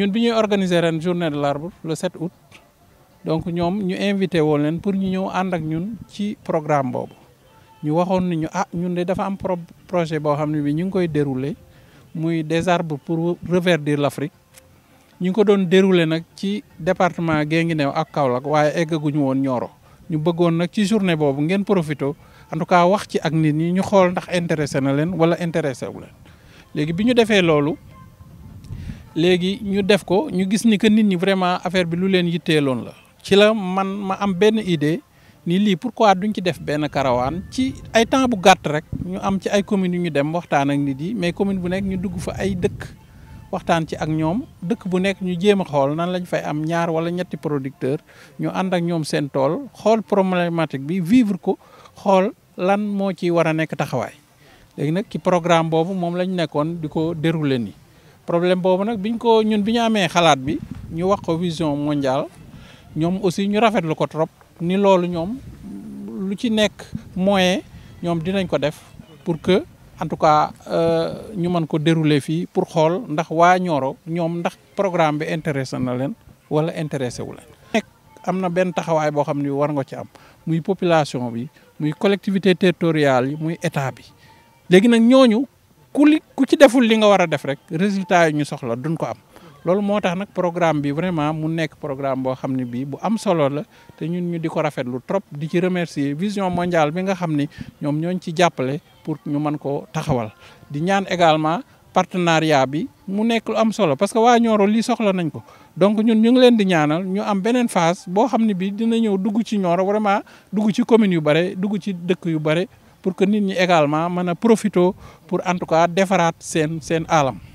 ñun bi ñuy organiser ren journée de l'arbre le 7 août donc ñoom ñu invité woon leen pour ñu ñëw ànd ak ñun ci programme boobu ñu waxoon ni ñu ah ñun de dafa am projet boo xam ne bi ñu ngi koy dérouler muy des arbres pour reverdir l'Afrique ñu ngi ko doon dérouler nag ci département Guinguinéo ak Kaolack waaye eggaguñu woon Nioro ñu bëggoon nag ci journée boobu ngeen profité en tout cas wax ci ak nit ñi ñu xool ndax intéressé na leen wala intéressé wu leen léegi bi ñu defee loolu léegi ñu def ko ñu gis ni que nit ñi vraiment affaire bi lu leen yitteeloon la ci la man ma am benn idée ni lii pourquoi duñ ci def benn karawaan ci ay temps bu gàtt rek ñu am ci ay communes yu ñu dem waxtaan ak nit yi mais commune bu nekk ñu dugg fa ay dëkk waxtaan ci ak ñoom dëkk bu nekk ñu jéem a xool nan lañ fay am ñaar wala ñetti producteur ñu ànd ak ñoom seen tool xool problématique bi vivre ko xool lan moo ci war a nekk taxawaay léegi nag ci programme boobu moom lañ nekkoon di ko dérouler nii problème boobu nag biñ ko ñun bi ñu amee xalaat bi ñu wax ko vision mondiale ñoom aussi ñu rafetlu ko trop ni loolu ñoom lu ci nekk moyen ñoom dinañ ko def pour que en tout cas euh, ñu mën ko dérouler fii pour xool ndax waa Nioro ñoom ndax programme bi intéressé na leen wala intéressé wu leen. nekk am na benn taxawaay boo xam ni war nga ci am muy population bi muy collectivité territoriale yi muy état bi léegi nag ñooñu. ku li ku ci deful li nga war a def rek résultat yi ñu soxla duñ ko am loolu moo tax nag programme bi vraiment mu nekk programme boo xam ne bii bu am solo la te ñun ñu di ko rafetlu trop di ci remercier vision mondiale bi nga xam ni ñoom ñooñ ci jàppale pour ñu mën koo taxawal di ñaan également partenariat bi mu nekk am solo parce que waa Nioro lii soxla nañ ko donc ñun ñu ngi leen di ñaanal ñu am beneen phase boo xam ne bii dina ñëw dugg ci ñooro vraiment dugg ci commune yu bare dugg ci dëkk yu bare pour que nit ñi également mën a profito pour en tout cas defaraat seen seen alam